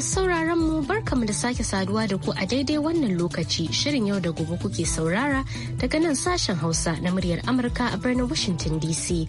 Masu sauraron mu barkamu da sake saduwa da ku a daidai wannan lokaci shirin yau da gobe kuke saurara daga nan sashen Hausa na muryar Amurka a birnin Washington DC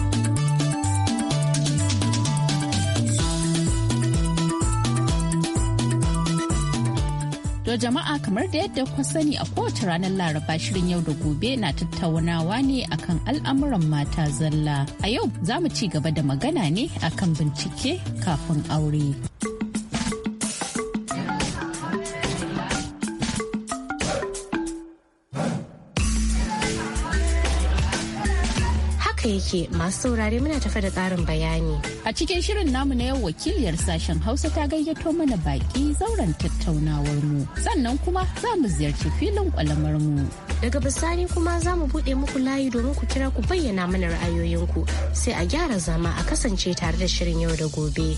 To jama'a kamar da yadda kuka sani a kowace ranar Laraba shirin yau da gobe na tattaunawa ne akan al'amuran mata zalla. A yau za mu ci gaba da magana ne akan bincike kafin aure. ke masu saurare muna tafa da ƙarin bayani. A cikin shirin namu na yau wakiliyar sashen Hausa ta gayyato mana baki zauren tattaunawar mu. Sannan kuma za mu ziyarci filin kwalamar mu. Daga bisani kuma za mu buɗe muku layi domin ku kira ku bayyana mana ra'ayoyinku sai a gyara zama a kasance tare da shirin yau da gobe.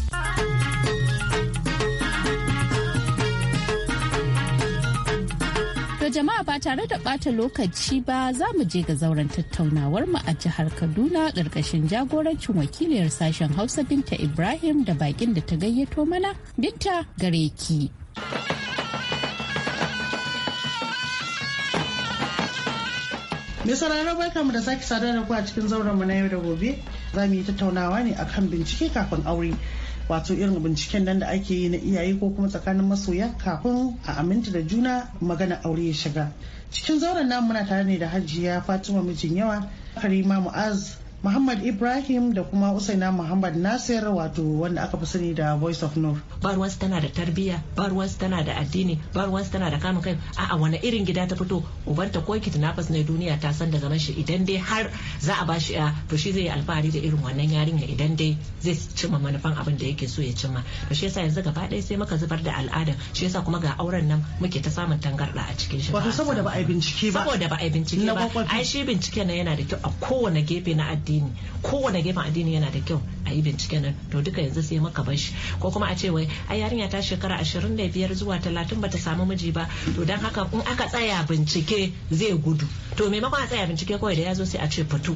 jama'a ba tare da bata lokaci ba za mu je ga zauren tattaunawar mu a jihar Kaduna ƙarƙashin jagorancin wakiliyar sashen Hausa Binta Ibrahim da bakin da ta gayyato mana Binta gareki. ki. sauraron barkamu da sake sadarwa ku a cikin zauren mu na yau da gobe za mu yi tattaunawa ne akan bincike kafin aure. wato irin binciken nan da ake yi na iyaye ko kuma tsakanin masoya kafin a aminta da juna magana aure ya shiga cikin zauren namu muna tare ne da hajiya fatima mijin yawa karima mu'az Muhammad Ibrahim da kuma Usaina Muhammad Nasir wato wanda aka fi sani da Voice of North. Bar wasu tana da tarbiyya, bar ruwansu tana da addini, bar wasu tana da kama kai. A'a wani irin gida ta fito, ubanta ko kiti na duniya ta san daga shi idan dai har za a bashi ya ah, to shi zai yi alfahari da irin wannan yarinya idan dai zai cimma manufan abin da yake so ya cimma. To shi yasa yanzu gaba ɗaya sai muka zubar da al'ada, shi yasa kuma ga auren nan muke ta samun tangarɗa a cikin shi. Wato saboda ba a yi bincike ba. Saboda ba a yi bincike ba. Ai shi bincike na yana da kyau a kowane gefe na addini addini kowane gefen addini yana da kyau a yi bincike nan to duka yanzu sai maka bashi ko kuma a ce wai ai yarinya ta shekara ashirin da biyar zuwa talatin bata samu miji ba to don haka in aka tsaya bincike zai gudu to maimakon a tsaya bincike kawai da ya zo sai a ce fito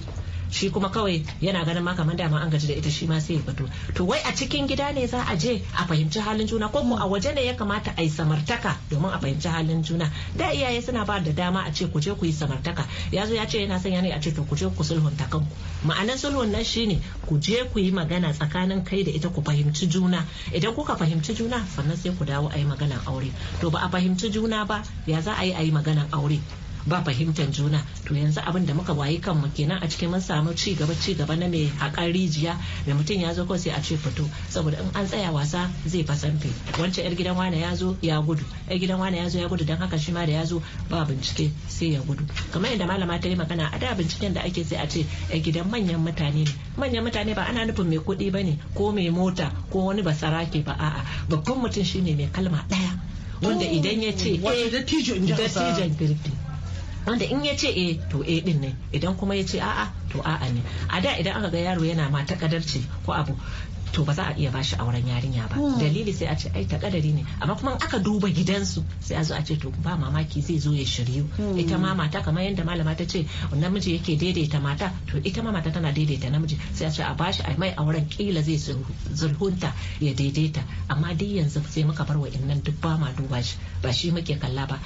shi kuma kawai yana ganin ma kamar dama an gaji da ita shi ma sai ya fito to wai a cikin gida ne za a je a fahimci halin juna ko a waje ne ya kamata a yi samartaka domin a fahimci halin juna da iyaye suna ba da dama a ce ku je ku yi samartaka ya zo ya ce yana son yana a ce to ku je ku sulhunta kanku ma'anar sulhun nan shine ku je ku yi magana tsakanin kai da ita ku fahimci juna idan kuka fahimci juna sannan sai ku dawo a yi maganan aure to ba a fahimci juna ba ya za a yi a yi maganan aure ba fahimtar juna to yanzu abin da muka wayi kanmu kenan a cikin mun samu ci gaba ci gaba na mai hakan rijiya da mutum ya zo ko sai a ce fito saboda in an tsaya wasa zai fasanfe wancan yar gidan wane ya zo ya gudu yar gidan wane ya zo ya gudu don haka shi ma da ya zo ba bincike sai ya gudu kamar yadda malama ta yi magana a da binciken da ake sai a ce yar gidan manyan mutane ne manyan mutane ba ana nufin mai kuɗi ba ne ko mai mota ko wani basarake ba a'a babban mutum shine mai kalma ɗaya wanda oh, idan ya ce eh, tijon birni wanda in ya ce eh to eh din ne idan kuma ya ce a'a to a'a ne a da idan aka ga yaro yana ma takadarci ko abu to ba za a iya bashi auren yarinya ba hmm. dalili sai a ce ai ta kadari ne amma kuma aka duba gidansu sai a zo a ce to ba mamaki zai zo ya shiryu hmm. ita ma mata kamar yadda malama ta ce namiji yake daidaita mata to ita ma mata tana daidaita namiji sai a ce a bashi a mai auren kila zai zurhunta ya daidaita amma duk yanzu sai muka bar wa innan duk ba ma duba shi ba shi muke kalla ba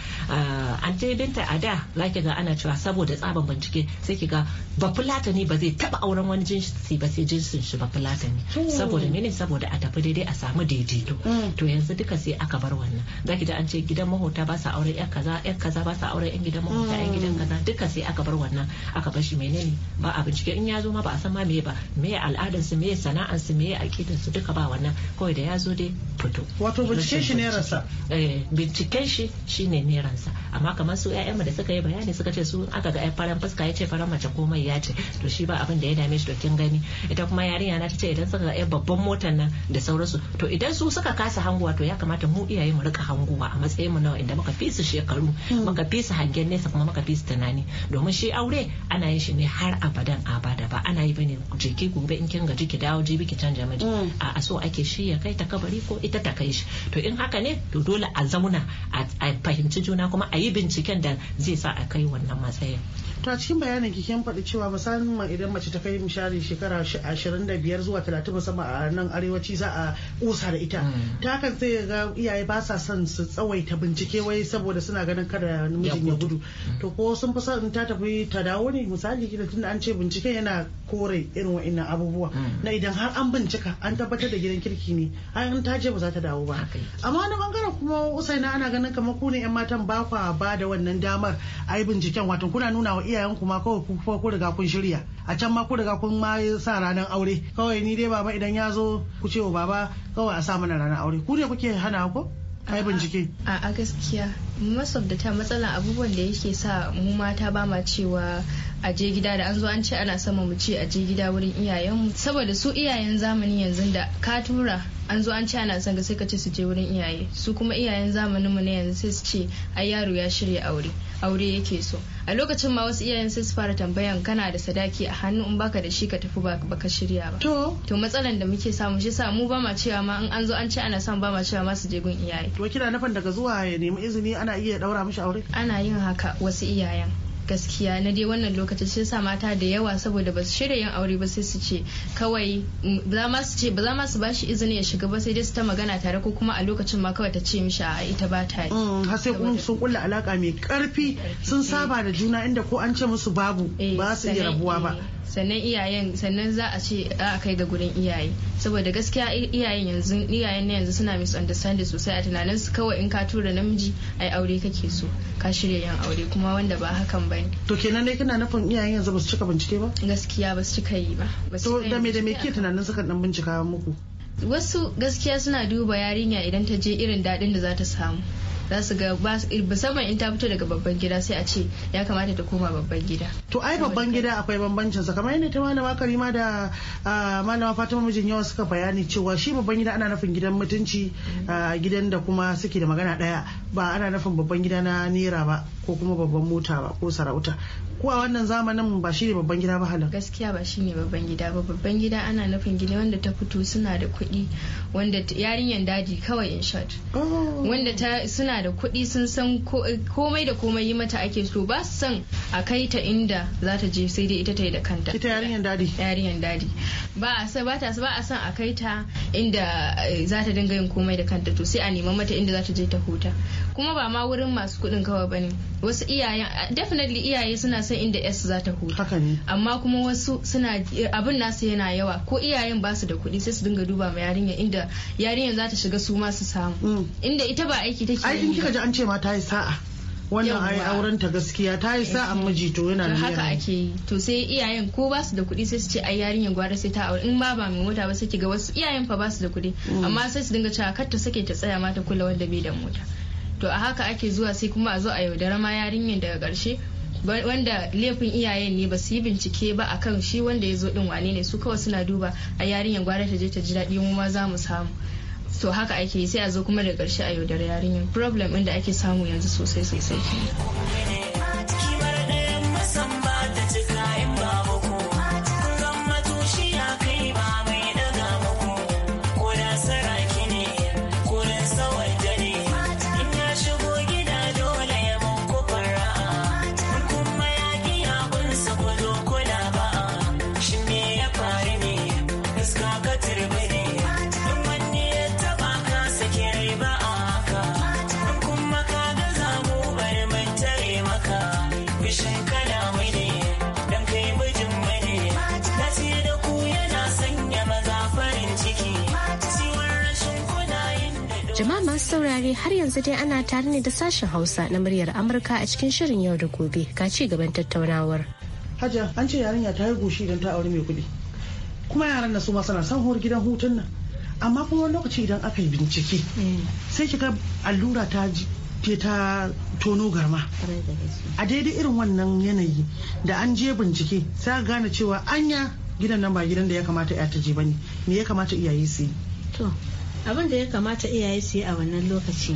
an ah, ta binta a da zaki ga ana cewa saboda tsaban bincike sai ki ga ba fulata ne ba zai taba auren wani jinsi ba sai jinsin shi ba fulata ne hmm. saboda mene saboda a tafi daidai a samu daidaito mm. to yanzu duka sai aka bar wannan zaki ji an ce gidan mahota ba sa auren yan kaza yan kaza ba sa auren yan gidan mahota yan gidan kaza mm. duka sai aka bar wannan aka bar shi menene ba a bincike in ya zo ma ba a san ma meye ba meye al'adar su meye sana'ar su meye aqidar su duka ba wannan kawai da ya zo dai fito wato binciken shi ne rasa. eh binciken shi shine ne ransa amma kamar su 'ya'yan mu da suka yi bayani suka ce su aka ga ai faran fuska ya ce faran mace komai ya ce to shi ba abin da ya dame shi to kin gani ita kuma yarinya na ta ce idan suka ga babban motar nan da sauransu to idan su suka kasa hanguwa to ya kamata mu iyaye mu rika hanguwa a matsayin mu na inda muka fi su shekaru hmm. muka fi su hangen nesa kuma muka fi su tunani domin shi aure ana yin shi ne har abadan abada ba ana yi bane jiki gobe in kin gaji ki dawo jibi ki canja miji hmm. a so ake shi ya kai ta kabari ko ita ta kai shi to in haka ne to dole a zauna a fahimci juna kuma a yi binciken da zai sa a kai wannan matsayin to a cikin bayanin ki kin faɗi cewa musamman idan mace ta kai misali shekara 25 zuwa talatin musamman a nan arewaci za a kusa da ita hmm. ta kan sai ga iyaye ba sa son su tsawaita bincike wai saboda suna ganin kada namijin ya gudu hmm. to ko sun fi son ta tafi ta dawo ne misali kina tunda an ce binciken yana kore irin wa'annan abubuwa hmm. na idan har an bincika an tabbatar da gidan kirki ne an ta je ba za ta dawo ba amma wani bangaren kuma usaina ana ganin kamar ku ne yan matan ba kwa ba da wannan damar a yi binciken wato kuna nuna wa iyayen ku ma kawai ku ku riga kun shirya a can ma ku riga kun ma sa ranar aure kawai ni dai baba idan ya zo ku ce wa baba kawai a sa mana ranar aure ku ne kuke hana ko kai bincike a a gaskiya most of abubuwan da yake sa mu mata ba ma cewa a je gida da an zo an ce ana sama mu ce a je gida wurin iyayenmu saboda su iyayen zamani yanzu da ka tura an zo an ce ana son sai ka ce su je wurin iyaye su kuma iyayen zamanin mu ne yanzu sai su ce ai yaro ya shirya aure aure yake so a lokacin ma wasu iyayen sai su fara tambayan kana da sadaki a hannu in baka da shi ka tafi ba baka shirya ba to to matsalan da muke samu shi sa mu ba ma cewa ma in an zo an ce ana son ba ma cewa ma su je gun iyaye to kina nufin daga zuwa ya nemi izini ana iya ɗaura mishi aure ana yin haka wasu iyayen gaskiya na dai wannan lokacin sai sa mata da yawa saboda ba su shirya yin aure ba sai su ce kawai mm, ba ma su ce ba za ma su bashi izini ya shiga ba sai dai su ta magana tare ko kuma a lokacin ma kawai ta ce mishi a ita ba ta yi mm, har sai kuma sun kulla alaka mai karfi sun saba da juna inda ko an ce musu babu eh, ba su iya rabuwa ba eh, sannan iyayen sannan za a ce a kai ga gurin iyaye saboda gaskiya iyayen yanzu iyayen na yanzu suna misunderstanding sosai a tunanin su kawai in ka tura namiji ai aure kake so ka shirya yin aure kuma wanda ba hakan bane to kenan dai kana nufin iyayen yanzu ba su cika bincike ba gaskiya ba su cika yi ba to da me da me ke tunanin suka dan bincika muku wasu gaskiya suna duba yarinya idan ta je irin dadin da za ta samu za su ga eh, musamman in ta fito daga babban gida sai a ce ya kamata ta koma babban gida to ai babban gida akwai bambancin sa kamar yadda ta malama karima da ah, malama fatima mijin yawa suka bayani cewa shi babban gida ana nufin gidan mutunci mm. ah, gidan da kuma suke da magana daya ba ana nufin babban gida na nera ba ko kuma babban mota ba ko sarauta ko a wannan zamanin ba shi ne babban gida ba halin gaskiya ba shi ne babban gida ba babban gida ana nufin gida wanda ta fito suna da kuɗi wanda yarinyar daji kawai in short oh. wanda ta suna da kuɗi sun san komai da komai yi mata ake so ba san a kai ta inda za ta je sai dai ita ta yi da kanta ita yarinyar dadi yarinyar dadi ba a san ba ta ba a san a kai ta inda eh, za ta dinga yin komai da kanta to sai a neman mata inda za ta je ta huta kuma ba ma wurin masu kuɗin kawai bane wasu iyayen definitely iyaye suna san inda s za ta huta haka ne amma kuma wasu suna abin nasu yana yawa ko iyayen ba su da kuɗi sai su dinga duba ma yarinya inda yarinyar za ta shiga su ma su samu mm. inda ita ba aiki take kika ji an ce ma ta yi sa'a wannan ai auren ta gaskiya ta yi sa'a eh, miji to yana da haka ake to sai iyayen ko ba su da kuɗi sai su ce ai yarinyar gwara sai ta aure in ma ba mai mota ba sai ga wasu iyayen fa ba su da kuɗi mm. amma sai su dinga cewa kar ta sake ta tsaya mata kula wanda bai da mota to a haka ake zuwa sai kuma a zo a yaudara ma yarinyar daga ƙarshe wanda laifin iyayen ne ba su yi bincike ba akan shi wanda ya zo din wane ne su kawai suna duba a yarinyar gwara ta je ta ji daɗi mu ma za mu samu to haka ake yi sai a zo kuma da ƙarshe a yaudar yarinyar problem inda da ake samu yanzu sosai sosai kenan saurare har yanzu dai ana tare ne da sashen Hausa na muryar Amurka a cikin shirin yau da gobe ga ci gaban tattaunawar. Hajiya an ce yarinya ta yi goshi idan ta aure mai kuɗi. Kuma yaran na su ma suna son gidan hutun nan. Amma kuma wani lokaci idan aka yi bincike mm. sai kika allura ta ke ta tono garma a daidai irin wannan yanayi da an je bincike sai gane cewa anya gidan nan ba gidan da ya kamata ya ta je bane me ya kamata iyaye su yi abin da ya kamata iyaye su yi a wannan lokaci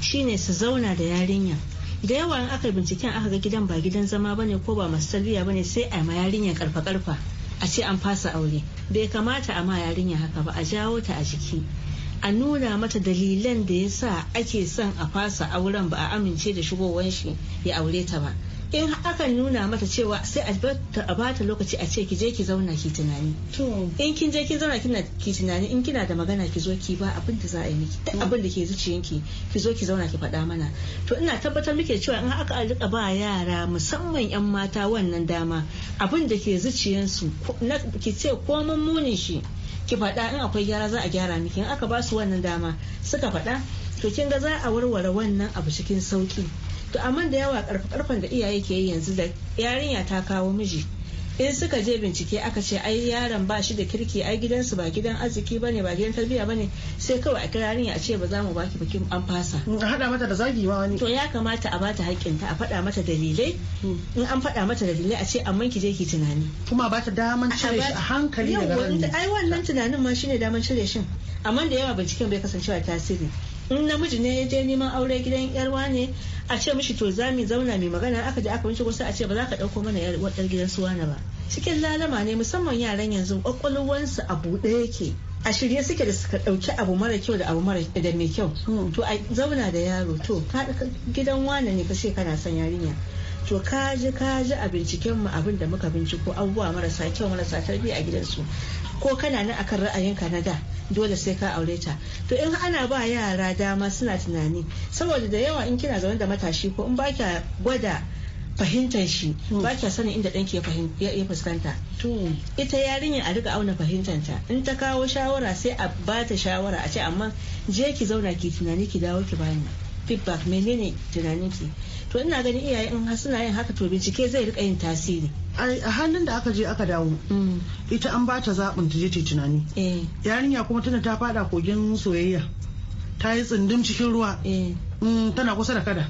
shine su zauna da yarinya da yawa in aka binciken aka ga gidan ba gidan zama bane ko ba masu tarbiyya bane sai a ma yarinya karfa karfa a ce an fasa aure bai kamata a ma yarinya haka ba a jawo ta a jiki a nuna mata dalilan da ya sa ake son a fasa auren ba a amince da shigowar shi ya aure ta ba in aka nuna mata cewa sai a bata lokaci a ce ki je ki zauna ki tunani in kin je kin zauna kina ki tunani in kina da magana ki zo ki ba abin da za a yi miki duk abin da ke zuciyanki ki zo ki zauna ki faɗa mana to ina tabbatar muke cewa in aka rika ba yara musamman yan mata wannan dama abin da ke zuciyansu ki ce mun munin shi ki faɗa in akwai gyara za a gyara miki in aka ba su wannan dama suka faɗa to kin ga za a warware wannan abu cikin sauki to amma da yawa karfe-karfen da iyaye ke yi yanzu da yarinya ta kawo miji in suka je bincike aka ce ai yaron ba shi da kirki ai gidansu ba gidan arziki ba ne ba gidan tarbiyya ba ne sai kawai a kira a ce ba za mu baki bikin an fasa. a haɗa mata da zagi ma wani. to ya kamata a bata haƙƙinta a faɗa mata dalilai hmm. in an faɗa mata dalilai a ce amma ki je ki tunani. kuma ba ta daman cire shi a hankali daga ranar. ai wannan tunanin ma shine daman cire shin amma da yawa binciken bai kasancewa tasiri in namiji ne ya je neman aure gidan yarwa ne a ce mishi to za mu zauna mai magana aka je aka wuce wasu a ce ba za ka dauko mana yar wadar gidan su wane ba cikin lalama ne musamman yaran yanzu kwakwalwansu a buɗe yake a shirye suke da suka ɗauki abu mara kyau da abu mara da mai kyau hmm. to a zauna da yaro to gidan wane ne ka ce kana son yarinya to kaji kaji a binciken mu abin da muka binciko abubuwa marasa kyau marasa tarbiyya a gidansu ko kana nan akan ra'ayinka na da dole sai ka aure ta to in ana ba yara dama suna tunani saboda da yawa in kina zaune da matashi ko in ba gwada fahimtar shi hmm. ba kya sanin inda ɗanki ya fuskanta. Ita yarinya a riga auna fahimtanta in ta kawo shawara sai a ba ta shawara a ce amma je ki zauna ki tunani ki dawo ki bani. feedback menene tunaninki to ina ganin iyaye in suna yin haka to bincike zai rika yin tasiri a halin da aka je aka dawo mm. ita an bata zaɓin ta je ta tunani eh. yarinya kuma tana ta fada kogin soyayya ta yi tsindin cikin ruwa eh. mm, tana kusa da kada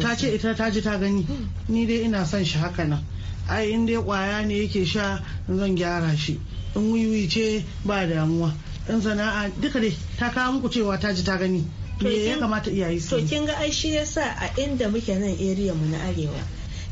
ta ce ita ta ji ta gani hmm. ni dai ina son shi haka nan ai in dai kwaya ne yake sha zan gyara shi in wiwi ce ba damuwa in sana'a duka dai ta kawo muku cewa ta ji ta gani me ya kamata iyaye su to kin ga ai shi yasa a inda muke nan area mu na arewa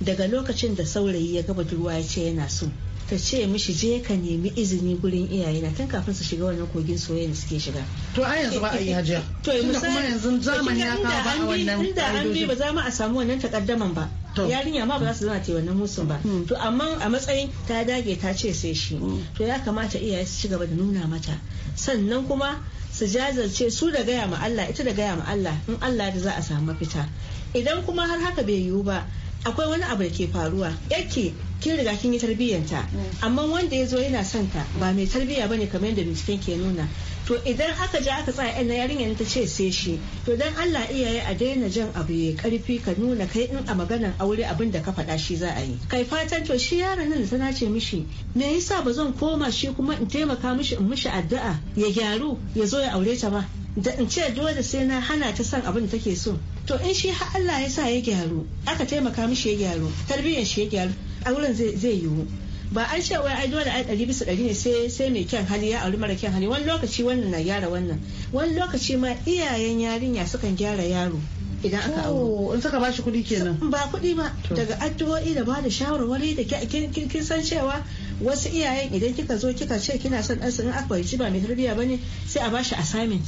daga lokacin da saurayi ya ga budurwa ya ce yana so ta ce mishi je ka nemi izini gurin iyaye na tun kafin su shiga wannan kogin soyayya da suke shiga to a yanzu ba a yi hajiya to kuma yanzu zamani ya kawo ba a wannan inda an bi ba za mu a samu wannan takaddaman ba yarinya ma ba za su zama ce wannan musun ba hmm. to amma a matsayin ta dage ta ce sai shi hmm. to ya kamata iyaye su ci gaba da nuna mata sannan kuma su jajirce su da gaya ma Allah ita da gaya ma Allah in Allah da za a samu mafita idan kuma har haka bai yiwu ba akwai wani abu da ke faruwa yake kin riga kin yi tarbiyyanta mm. amma wanda ya zo yana son ta ba mai tarbiyya bane kamar yadda binciken ke nuna to idan aka ji aka tsaya yan yarinyar ta ce sai shi to dan Allah iyaye a daina jan abu ya karfi ka nuna kai in a maganar aure abin da ka faɗa shi za a yi kai fatan to shi yaron nan da ta nace mishi me yasa ba zan koma shi kuma in taimaka mishi in mishi addu'a ya gyaru ya zo ya aure ta ba da in ce dole sai na hana ta san abin da take so to in shi har Allah ya sa ya gyaru aka taimaka mishi ya gyaru tarbiyyar shi ya gyaru auren zai yiwu ba an ce wai ai dole ai ɗari bisa ɗari ne sai sai mai kyan hali ya auri mara kyan hali wani lokaci wannan na gyara wannan wani lokaci ma iyayen yarinya sukan gyara yaro idan aka auro oh, in suka ba shi kuɗi kenan ba kuɗi ba daga addu'o'i da ba da shawarwari da kin san cewa wasu iyayen idan kika zo kika ce kina son ɗansu in aka bai ba mai tarbiyya bane sai a bashi assignment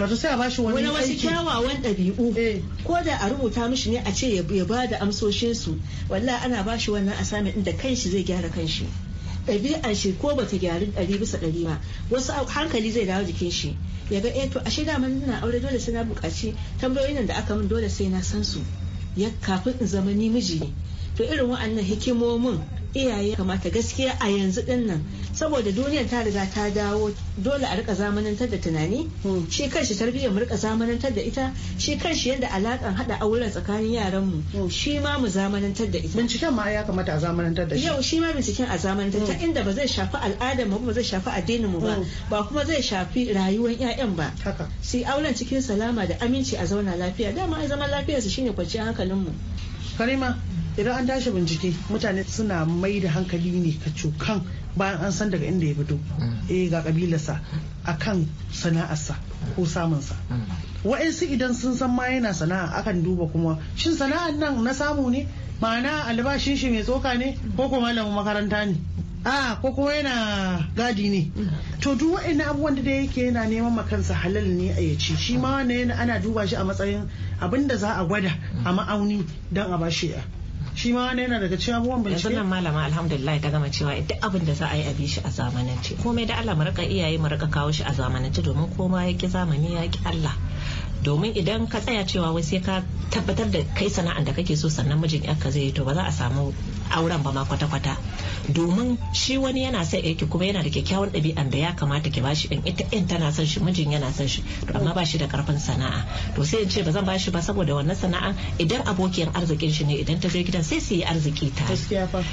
wato sai a bashi wani wani wasu kyawawan ɗabi'u eh. ko da a rubuta mishi ne a ce ya ba da amsoshin su walla ana bashi wannan asamin inda da kanshi zai gyara shi ɗabi'ar shi ko bata gyaru ɗari bisa ɗari ba wasu hankali zai dawo jikin shi ya ga eh, to ashe dama ina aure dole sai na buƙaci tambayoyin nan da aka min dole sai na san su ya kafin in zama ni miji ne to irin wa'annan hikimomin iyaye kamata gaskiya a yanzu din nan saboda duniyar ta riga ta dawo dole a rika zamanantar da tunani hmm. shi kanshi tarbiyyar mu rika zamanantar da ita shi kanshi yadda alakan hada auren tsakanin yaran mu hmm. shi ma mu zamanantar da ita binciken ma ya kamata a zamanantar da shi yau shi ma binciken a zamanantar ta hmm. inda ba zai shafi al'adar mu ba zai shafi addinin mu ba ba kuma zai shafi rayuwar ƴaƴan ba Si auren cikin salama da aminci a zauna lafiya dama zaman su shine kwanciyar hankalin mu karima idan an tashi bincike mutane suna mai da hankali ne ka cokan bayan an san daga inda ya fito E, ga kabilarsa kan sana'arsa ko samunsa mm. wa'insu idan sun san ma yana sana'a akan duba kuma shin sana'ar nan na samu ne ma'ana albashin shi mai tsoka ne ko kuma malamin makaranta ne a ko kuma yana gadi ne mm. to duk wa'annan abubuwan da yake yana neman makansa halal ne a yaci shi ma wannan ana duba shi a matsayin abin da za a gwada a ma'auni don a bashi shi ma wani yana daga cikin abubuwan bincike yanzu nan malama alhamdulillah ta gama cewa duk abin da za a yi a bi shi a zamanance komai da Allah mu rika iyaye mu rika kawo shi a zamanance domin koma ya ki zamani ya ki Allah domin idan ka tsaya cewa wai sai ka tabbatar da kai sana'ar da kake so sannan mijin yarka zai yi to ba za a samu auren ba ma kwata-kwata domin shi wani yana son yake kuma yana da kyakkyawan ɗabi'an da ya kamata ki bashi din ita in tana son shi mijin yana son shi amma ba shi da karfin sana'a to sai in ce ba zan bashi ba saboda wannan sana'a idan abokiyar arzikin shi ne idan ta je gidan sai su yi arziki tare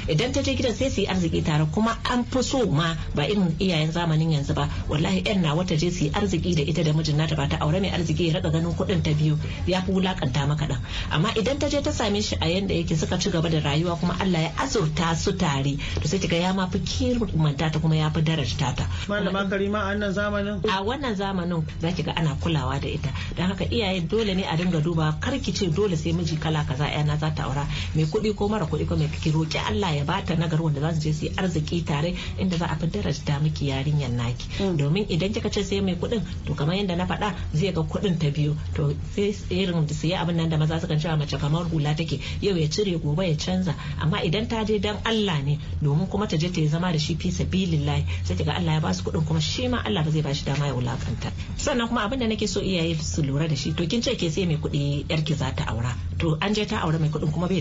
idan ta je gidan sai su yi arziki tare kuma an fi so ma ba irin iyayen zamanin yanzu ba wallahi yan na wata je su yi arziki da ita da mijin nata ba ta aure mai arziki ya raka ganin kuɗin ta biyu ya fi wulakanta maka ɗin amma idan ta je ta same shi a yanda yake suka ci gaba da rayuwa kuma Allah ya azurta su tare to sai kiga ya ma fi kirmanta ta kuma ya fi darajta ta malama karima a wannan zamanin a wannan zamanin za ga ana kulawa da ita don haka iyaye dole ne a dinga duba kar ki ce dole sai miji kala kaza yana za ta aura mai kuɗi ko mara kuɗi ko mai ki roki Allah ya bata nagar da za su je su arziki tare inda za a fi darajta miki yarinyar naki mm. domin idan kika ce sai mai kuɗin to kamar yadda na faɗa zai ga kuɗin ta biyu to sai irin su yi abin nan da maza sukan cewa mace kamar hula take yau ya cire gobe ya canza amma idan idan ta je dan Allah ne domin kuma ta je ta yi zama da shi fi bilillahi sai ga Allah ya ba su kuɗin kuma shi ma Allah ba zai ba shi dama ya wulakanta sannan kuma abin da nake so iyaye su lura da shi to kin ce ke sai mai kuɗi yarki za ta aura to an je ta aure mai kuɗin kuma bai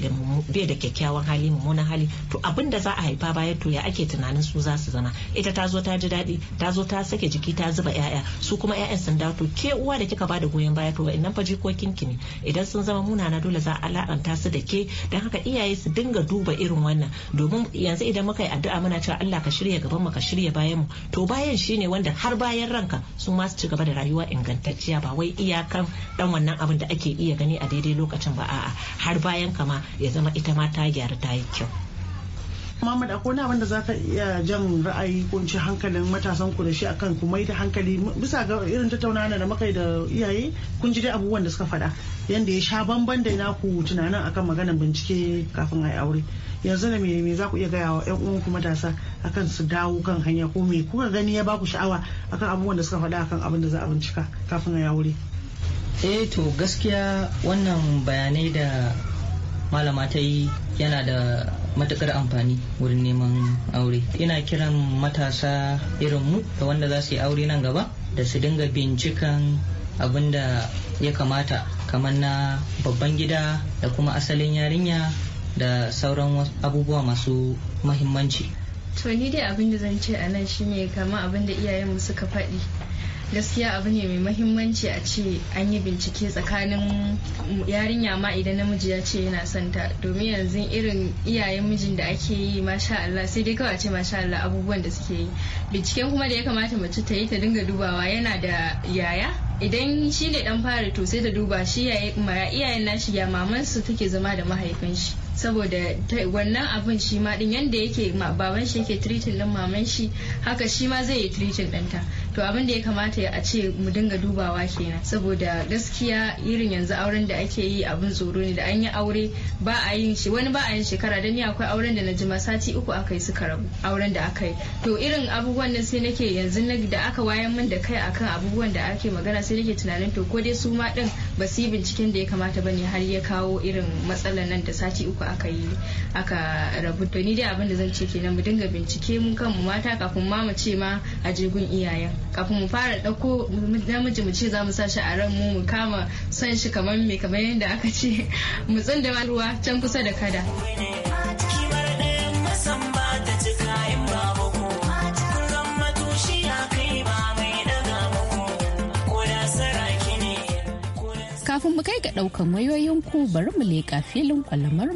da kyakkyawan hali mummunan hali to abin da za a haifa baya to ya ake tunanin su za su zama ita ta zo ta ji daɗi ta zo ta sake jiki ta zuba 'ya'ya su kuma 'ya'yan sun dawo to ke uwa da kika ba da goyon baya to wa'annan fa jikokin ki ne idan sun zama munana dole za a la'anta su da ke don haka iyaye su dinga duba irin wannan domin yanzu idan muka yi addu'a muna cewa Allah ka shirya gaban mu ka shirya bayan mu to bayan shine wanda har bayan ranka su ma su ci gaba da rayuwa ingantacciya ba wai iyakan dan wannan abin da ake iya gani a daidai lokacin ba a'a har bayan kama ya zama ita ma ta gyara ta yi kyau Muhammad akwai wani abin da za ka iya jan ra'ayi ko ci hankalin matasan ku da shi akan ku mai da hankali bisa ga irin tattaunawa da makai da iyaye kun ji dai abubuwan da suka faɗa yanda ya sha bamban da ku tunanin akan maganar bincike kafin a yi aure. yanzu da me za ku iya gaya wa 'yan uwanku matasa akan su dawo kan hanya ko me kuka gani ya baku sha'awa akan abubuwan da suka faɗa akan abin da za a bincika kafin a yi eh to gaskiya wannan bayanai da malama ta yi yana da matukar amfani wurin neman aure ina kiran matasa irin mu da wanda za su yi aure nan gaba da su dinga bincikan abin da ya kamata kamar na babban gida da kuma asalin yarinya da sauran abubuwa masu mahimmanci to ni dai abin da zan ce a nan shine kama abin da iyayenmu suka faɗi gaskiya abu ne mai mahimmanci a ce an yi bincike tsakanin yarinya ma idan namiji ya ce yana santa domin yanzu irin iyayen mijin da ake yi masha Allah sai dai kawace masha Allah abubuwan da suke yi binciken kuma da ya kamata mace ta yi ta dinga dubawa yana da yaya idan shi ne dan fara to sai ta duba shi iyayen nashi ya maman su take zama da mahaifin shi saboda wannan abin shi ma din yanda yake baban shi yake treating din maman shi haka shi ma zai yi treating ta. to abin da ya kamata a ce mu dinga dubawa kenan saboda gaskiya irin yanzu auren da ake yi abin tsoro ne da an yi aure ba a yin shi wani ba a yin shekara dan ni akwai auren da na jima sati uku aka yi suka rabu auren da aka yi to irin abubuwan nan sai nake yanzu da aka wayan min da kai akan abubuwan da ake magana sai nake tunanin to ko dai su ma din ba su yi binciken da ya kamata ba ne har ya kawo irin matsalan nan da sati uku aka yi aka rabu to ni dai abin da zan ce kenan mu dinga bincike mun kanmu mata kafin ma mu ce ma a jigun iyayen kafin mu fara ɗauko namiji mu ce za mu sa shi a ran mu mu kama son shi kamar me kamar yadda aka ce mu tsinda ruwa can kusa da kada. Kafin mu kai ga ɗaukan ku bari mu leƙa filin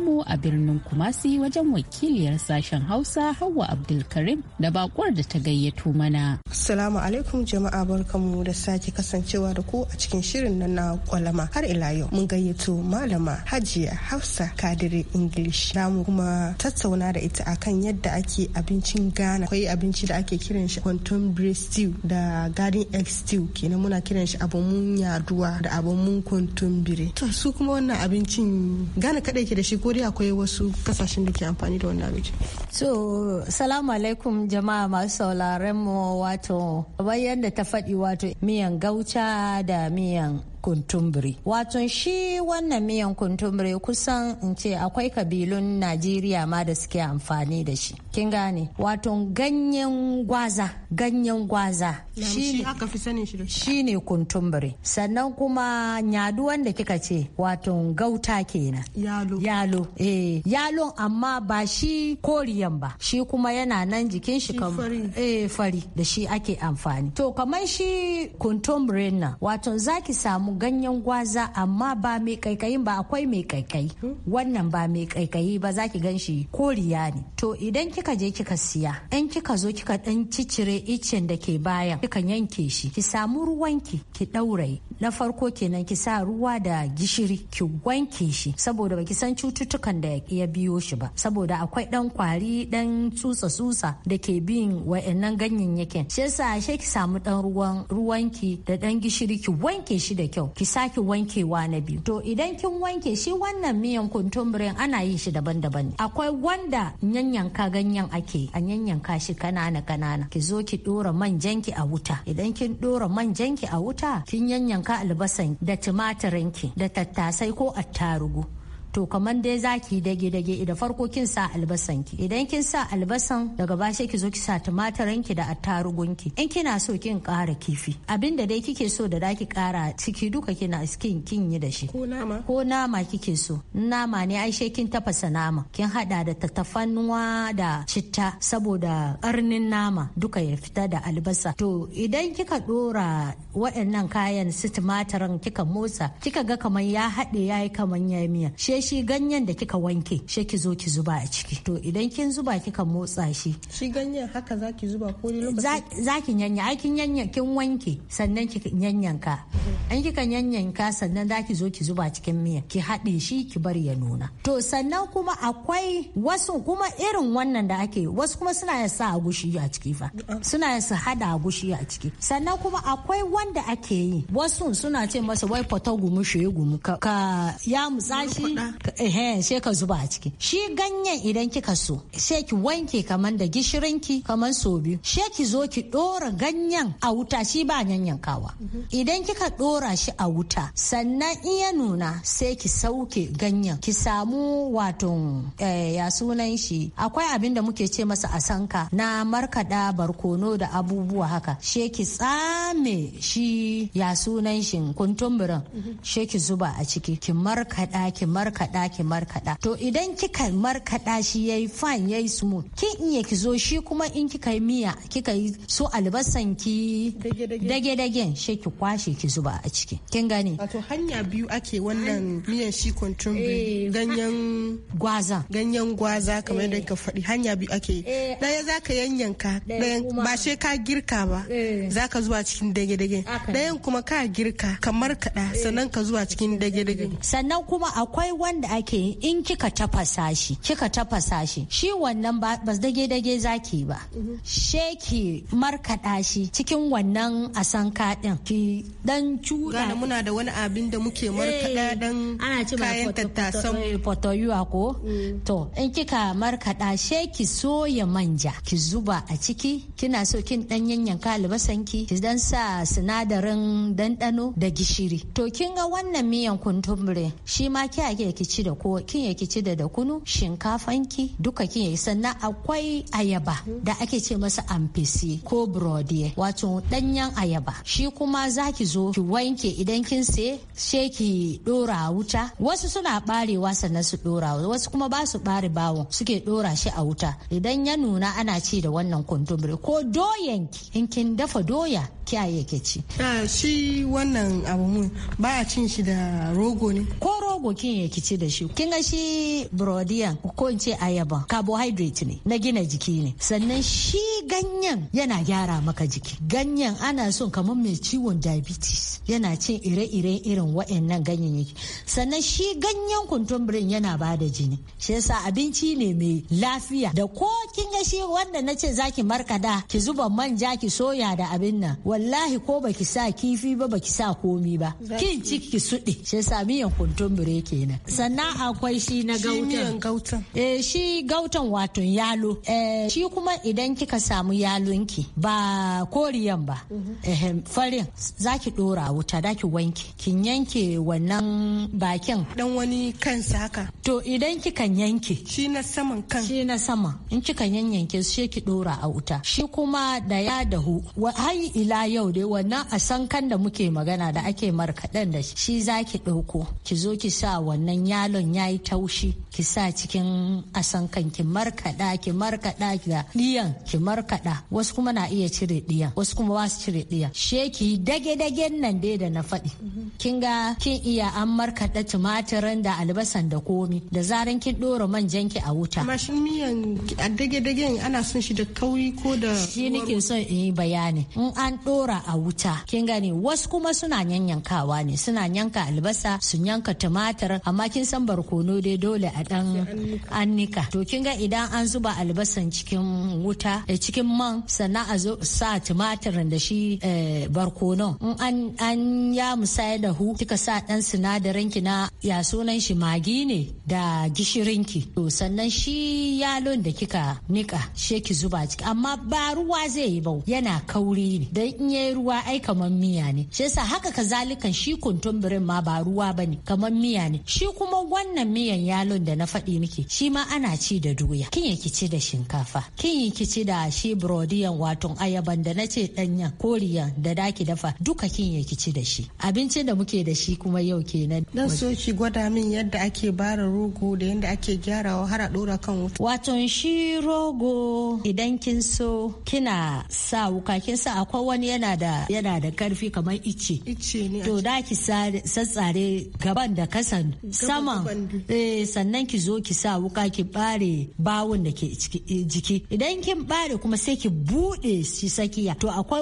mu a birnin Kumasi wajen wakiliyar sashen Hausa Hauwa Abdulkarim da bakuwar da ta gayyato mana. Assalamu alaikum jama'a barkanmu da sake kasancewa da ku a cikin shirin nan na kwalama har ila yau mun gayyato malama Hajiya Hausa Kadiri English namu kuma tattauna da ita akan yadda ake abincin Ghana akwai abinci da ake kiran shi contemporary stew da garden egg stew kenan muna kiran shi abun munya yaduwa da abun mun tumbiri to su kuma wannan abincin gane kadai ke da shi ko dai akwai wasu kasashen da ke amfani da wannan abincin so salamu alaikum jama'a masu sauraren mu wato bayan da ta faɗi wato miyan gauta da miyan kuntumbiri wato shi wannan miyan kuntumbiri kusan in ce akwai kabilun najeriya ma da suke amfani da shi kin gane wato ganyen gwaza ganyen gwaza shi ne kuntumbiri sannan kuma nyadu wanda kika ce wato gauta kenan yalo yalo eh yalon amma ba shi koriyan ba shi kuma yana nan jikin shi eh fari da shi ake amfani to kamar shi kuntumbirin nan wato zaki samu samu ganyen gwaza amma ba mai kaikayin ba akwai mai kaikai wannan ba mai kaikayi ba za ki gan shi koriya ne to idan kika je kika siya in kika zo kika dan cicire icen da ke bayan kika yanke shi ki samu ruwanki ki ɗauraye na farko kenan ki sa ruwa da gishiri ki wanke shi saboda baki san cututtukan da ya biyo shi ba saboda akwai dan kwari dan tsutsa tsutsa da ke bin wa'annan ganyayyakin shi yasa she ki samu dan ruwan ruwanki da dan gishiri ki wanke shi da kyau ki sake wankewa na biyu to idan kin wanke shi wannan miyan kuntumbirin ana yin shi daban-daban akwai wanda yanyanka ganyen ake a yanyanka shi kanana kanana ki zo ki dora manjanki a wuta idan kin dora manjanki a wuta kin yanyanka yanka albasan da tumatirinki da tattasai ko attarugu to kamar dai zaki dage dage idan farko kin sa albasan ki idan kin sa albasan daga bashe ki zo ki sa tumatirin ki da attarugun ki in kina so kin kara kifi abinda dai kike so da zaki kara ciki duka kina skin kin yi da shi ko nama ko nama kike so nama ne ai kin tafasa nama kin hada da tattafannuwa da citta saboda karnin nama duka ya fita da albasa to idan kika dora waɗannan kayan su tumatirin kika motsa kika ga kamar ya haɗe yayi kamar ya miya shi ganyen da kika wanke shi ki zo ki zuba a ciki to idan kin zuba kika motsa shi shi ganyen haka ki zuba ko ne lokaci ki nyanya ai kin nyanya kin wanke sannan ki ka an kika ka sannan za ki zo ki zuba cikin miya ki haɗe shi ki bar ya nuna to sannan kuma akwai wasu kuma irin wannan da ake wasu kuma suna ya sa agushi a ciki fa suna ya su hada agushi a ciki sannan kuma akwai wanda ake yi wasu suna ce masa wai fata gumu shi gumu ka ya mutsa shi sai ka zuba a ciki shi ganyen idan kika so sai ki wanke kaman da gishirinki kaman so biyu sai ki zo ki dora ganyen a wuta shi ba yanyankawa idan kika dora shi a wuta sannan in ya nuna sai ki sauke ganyen ki samu wato eh, ya sunan shi akwai abin da muke ce masa a asanka na markada barkono da abubuwa haka shi ki tsame shi ya sunan shi kuntumburin ki zuba a ciki ki markada ki markada markaɗa ki markaɗa to idan kika markaɗa shi yayi fine yayi smooth kin iya ki zo shi kuma in kika yi miya kika yi su albasan ki dage dage shi ki kwashe ki zuba a ciki kin gane wato hanya biyu ake wannan miyan shi control eh, ganyen gwaza ganyen gwaza kamar yadda eh. ka faɗi hanya biyu ake daya eh. zaka yanyanka dayan ba she ka girka ba zaka zuwa cikin dage dage dayan kuma ka girka kamar kaɗa sannan ka zuwa cikin dage dage sannan kuma akwai wanda ake yi in kika tafasa shi kika tafasa shi shi wannan ba dage dage zaki ba mhm. sheki markaɗa shi cikin wannan asanka din ki dan cuda muna da wani abin da muke markaɗa eh, dan kayan tattasan fotoyuwa eh, ko mm. to in kika markaɗa sheki soya manja ki zuba a ciki kina so kin dan yanyanka albasan ki ki dan sa sinadarin dandano da gishiri to kin ga wannan miyan kuntumbure shi ma kiya ki ci da ko kin ya ki da dakunu shinkafan shinkafanki duka kin ya sannan akwai ayaba da ake ce masa amfisi ko brodie wato danyen ayaba shi kuma zaki zo ki wanke idan kin se she ki dora wuta wasu suna barewa sannan su dora wasu kuma ba su bare bawon suke dora shi a wuta idan ya nuna ana ci da wannan kuntumbiri ko doyanki in kin dafa doya kiyaye ke ci. Ah, shi wannan abu mun baya cin shi da rogo ne. Ko rogo kin ya ci da shi kin ga shi brodiyan ko in ce ayaba carbohydrate ne na gina jiki ne sannan shi ganyen yana gyara maka jiki ganyen ana son kamar mai ciwon diabetes yana cin ire-iren irin wa'annan ganyayyaki sannan shi ganyen kuntumbirin yana ba da jini shi yasa abinci ne mai lafiya da ko kin ga shi wanda na ce zaki markada ki zuba manja ki soya da abin nan wallahi ko baki sa kifi ba baki sa komi ba kin ci ki suɗe shi yasa miyan kuntumbire kenan sannan akwai shi na gautan eh shi gautan wato yalo eh shi kuma idan kika samu yalonki ba koriyan ba mhm. farin zaki dora wuta daki wanke kin yanke wannan bakin dan wani kansa haka to idan kika yanke shi na saman kan shi na sama in kika yanyanke shi ki dora a wuta shi kuma da ya dahu hai ila yau dai wannan a kan da muke magana da ake markaɗen da shi zaki ɗauko ki zo ki sa wannan yalon yayi taushi ki sa cikin asankan ki markada ki markada da ɗiyan ki markada wasu kuma na iya cire ɗiyan wasu kuma ba su cire ɗiyan sheki dage dagen nan dai da na faɗi kin ga kin iya an markada tumatirin da albasan da komi da zaran kin ɗora manjan ki a wuta amma shi miyan dage dagen ana son shi da kauri ko da shi nake son in yi bayani in an ɗora a wuta kin gani wasu kuma suna yanyankawa ne suna yanka albasa su yanka tumatir amma kin kin san barkono dai dole a dan nika to kin ga idan an zuba albasan cikin wuta da eh, cikin man sannan a zo sa tumatirin da shi eh, barkono in an ya musaya da hu kika sa dan sinadarin ki na ya sunan shi magi ne da gishirin ki to sannan shi yalon da kika nika she ki zuba ciki amma ba ruwa zai yi bau yana kauri ne dan in yayi ruwa ai kaman miya ne shi yasa haka kazalikan shi kuntumbirin ma ba ruwa bane kaman miya ne shi kuma wannan miyan yalon da na faɗi miki shi ma ana ci da doya kin yi kici da shinkafa kin yi kici da shi brodiyan wato ayaban da na ce danyen koriya da daki dafa duka kin yi kici da shi abincin da muke da shi kuma yau kenan dan so ki gwada min yadda ake bara rogo da yadda ake gyarawa har a dora kan wuta wato shi rogo idan kin so kina sa wuka kin sa akwai wani yana da yana da karfi kamar ice ice ne to da ki sassare gaban da kasan sama eh sannan ki zo ki sa wuka ki bare bawon da ke jiki idan kin bare kuma sai ki bude shi sakiya to akwai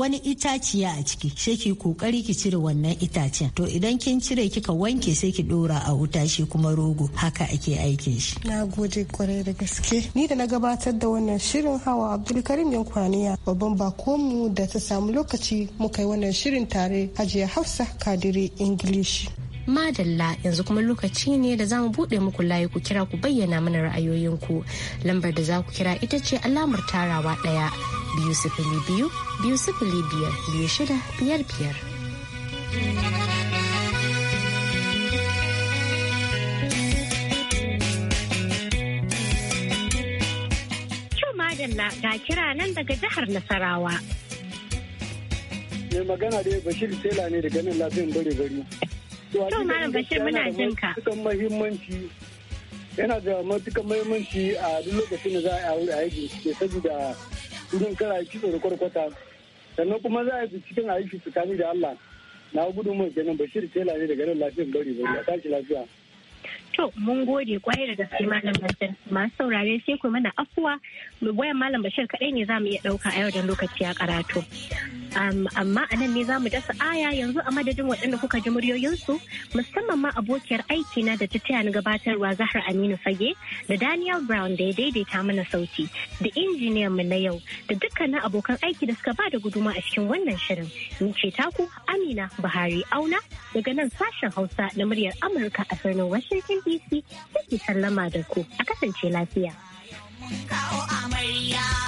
wani itaciya a ciki sai ki kokari ki cire wannan itacen to idan kin cire kika wanke sai ki dora a wuta shi kuma rogo haka ake aikin shi na gode kwarai da gaske ni da na gabatar da wannan shirin hawa abdulkarim yankwaniya babban bako mu da ta samu lokaci muka yi wannan shirin tare hajiya hafsa kadiri ingilishi Madalla yanzu kuma lokaci ne da za mu buɗe muku layi ku kira ku bayyana mana ra'ayoyinku. Lambar da za ku kira ita ce alamar tarawa ɗaya biyu sifili biyu biyu sifili biyar biyu shida biyar biyar. Madalla ga kira nan daga jihar Nasarawa. Mai magana dai Bashir Tela ne daga nan lafiyan bare gari. To Malam Bashir muna jin ka. yana da matukan muhimmanci a duk lokacin da za a yi a yi bincike saboda gudun kara yi kitso da kwarkwata sannan kuma za a yi cikin a yi shi tsakani da Allah na gudun mai kenan Bashir tela ne daga nan lafiyar bari bari a tashi lafiya. To mun gode kwarai da gaske Malam Bashir masu saurare sai ku mana afuwa wayan Malam Bashir kaɗai ne za mu iya ɗauka a yau da lokaci a karatu. amma a nan ne za mu dasa aya yanzu a madadin waɗanda kuka ji muryoyinsu musamman ma abokiyar aiki na da ta taya ni gabatarwa Zahra Aminu Fage da Daniel Brown da ya daidaita mana sauti da injiniyan mu na yau da dukkanin abokan aiki da suka ba da guduma a cikin wannan shirin. Ni ce taku Amina Buhari Auna daga nan sashen Hausa na muryar Amurka a birnin Washington BBC sai ki sallama da ku a kasance lafiya. Kawo amarya.